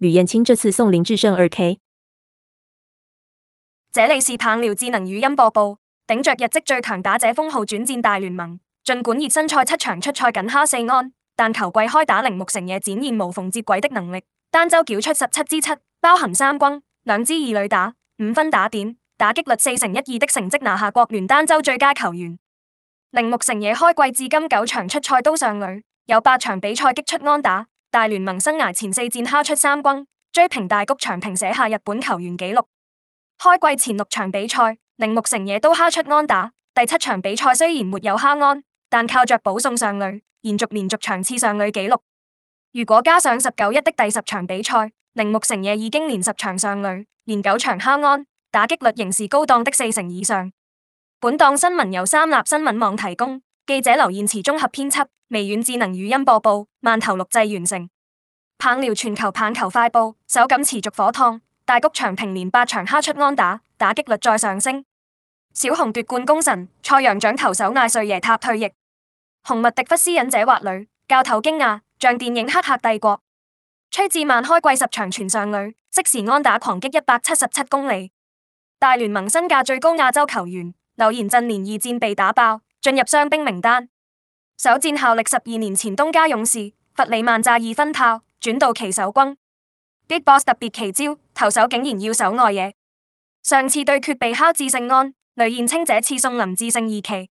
呂燕青這次送林志勝二 K。這裡是棒聊智能語音播報。頂着日職最強打者封號轉戰大聯盟，儘管熱身賽七場出賽僅敲四安，但球季開打，鈴木誠也展現無縫接軌的能力。單周繳出十七支七，包含三轟，兩支二壘打，五分打點，打擊率四成一二的成績，拿下國聯單周最佳球員。鈴木誠也開季至今九場出賽都上壘，有八場比賽擊出安打。大聯盟生涯前四戰敲出三轟，追平大谷翔平寫下日本球員紀錄。開季前六場比賽，鈴木誠也都敲出安打。第七場比賽雖然沒有敲安，但靠着保送上壘，延續連續場次上壘紀錄。如果加上十九一的第十場比賽，鈴木誠也已經連十場上壘，連九場敲安，打擊率仍是高檔的四成以上。本檔新聞由三立新聞網提供，記者劉燕池綜合編輯。.微軟智能語音播報，慢投錄製完成。棒聊全球棒球快報，手感持續火燙。大谷翔平連八場敲出安打，打擊率再上升。小熊奪冠功臣，賽揚獎投手艾瑞耶塔退役。紅密迪夫私隱者挖壘，教頭驚訝，像電影黑客帝國。崔志萬開季十場全上壘，即時安打狂擊一百七十七公里。大聯盟身價最高亞洲球員，柳賢振連二戰被打爆，進入傷兵名單。首戰效力十二年前東家勇士，弗里曼炸二分炮轉到奇手軍，Big Boss 特別奇招，投手竟然要守外野。上次對決被敲致勝安，雷彥清這次送林致勝二期。